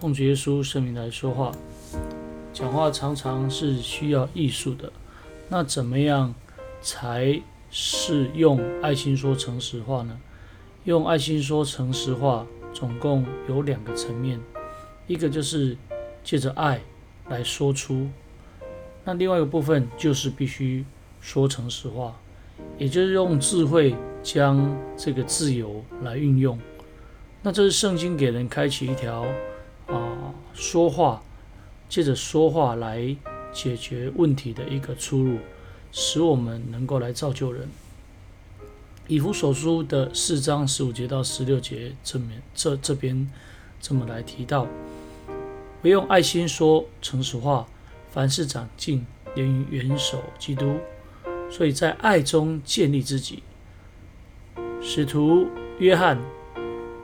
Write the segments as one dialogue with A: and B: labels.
A: 奉主耶穌聖名來說話，講話常常是需要藝術的。那怎麼樣才是用愛心說誠實話呢？用愛心說誠實話，總共有兩個層面：一個就是借着愛來說出；那另外一個部分就是必須說誠實話，也就是用智慧將這個自由來運用。那這是聖經給人開啟一條說話，借着說話來解決問題的一個出路，使我們能夠來造就人。以弗所書的四章十五節到十六節這邊，這面這這邊這麼來提到，要用愛心說誠實話，凡事長進，連於元首基督，所以在愛中建立自己。使徒約翰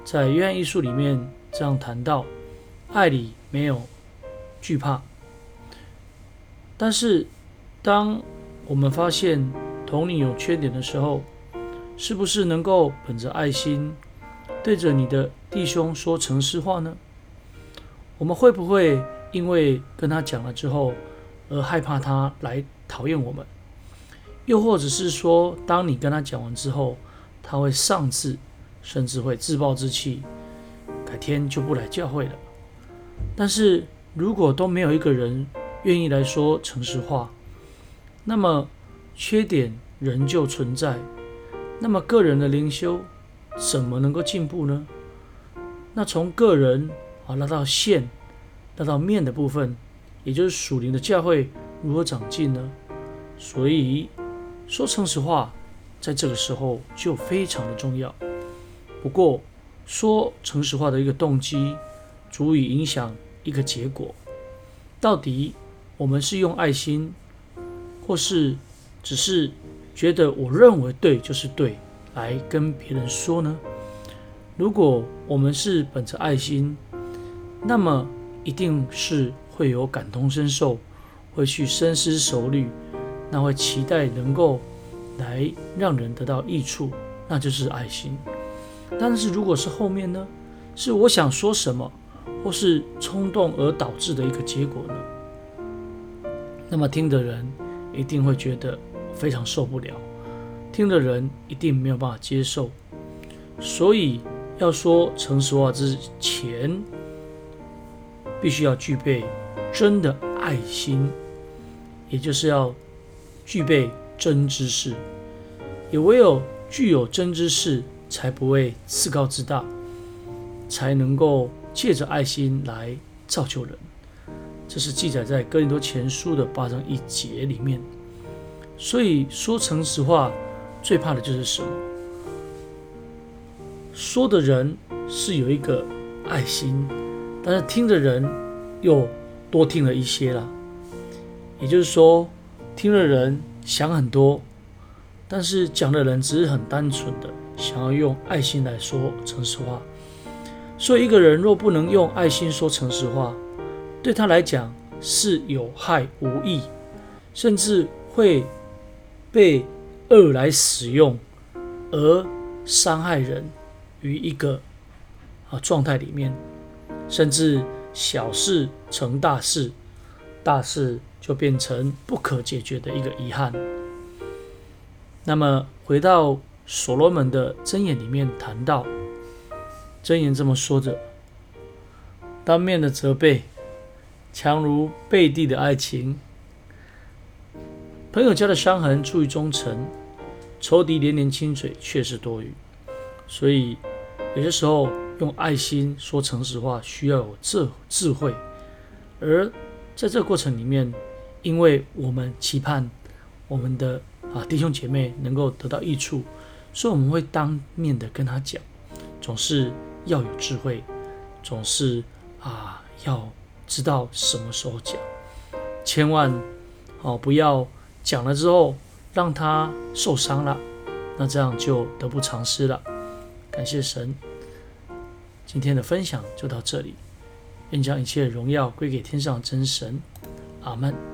A: 在約翰一書裡面這樣談到。愛裡沒有懼怕，但是當我們發現同你有缺點的時候，是不是能夠本着愛心對着你的弟兄說誠實話呢？我們會不會因為跟他講了之後而害怕他來討厭我們？又或者是說，當你跟他講完之後，他會喪志，甚至會自暴自棄，改天就不來教會了？但是如果都沒有一個人願意來說誠實話，那麼缺點仍舊存在。那麼個人的靈修怎麼能夠進步呢？那從個人啊拉到線、拉到面的部分，也就是屬靈的教會如何長進呢？所以說誠實話，在這個時候就非常的重要。不過說誠實話的一個動機。足以影響一個結果。到底我們是用愛心，或是只是覺得我認為對就是對，來跟別人說呢？如果我們是本着愛心，那麼一定是會有感同身受，會去深思熟慮，那會期待能夠來讓人得到益處，那就是愛心。但是如果是後面呢？是我想說什麼？或是衝動而導致的一個結果呢？那麼聽的人一定會覺得非常受不了，聽的人一定沒有辦法接受。所以要說誠實話之前，必須要具備真的愛心，也就是要具備真知識。也唯有具有真知識，才不會自高自大，才能夠，借着愛心來造就人，這是記載在《哥林多前書》的八章一節裡面。所以說，誠實話最怕的就是什麼？說的人是有一個愛心，但是聽的人又多聽了一些了。也就是說，聽的人想很多，但是講的人只是很單純的想要用愛心來說誠實話。所以，一個人若不能用愛心說誠實話，對他來講是有害無益，甚至會被惡來使用而傷害人，於一個啊狀態裡面，甚至小事成大事，大事就變成不可解決的一個遺憾。那麼，回到所羅門的箴言裡面談到。箴言這麼說着，當面的責備，強如背地的愛情。朋友加的傷痕出於忠誠，仇敵連連親嘴卻是多餘。所以有些時候用愛心說誠實話，需要有智慧。而在這個過程裡面，因為我們期盼我們的啊弟兄姐妹能夠得到益處，所以我們會當面的跟他講，總是。要有智慧，總是啊，要知道什麼時候講，千萬哦，不要講了之後讓他受傷了，那這樣就得不償失了。感謝神，今天的分享就到這裡，願將一切榮耀歸給天上真神，阿們。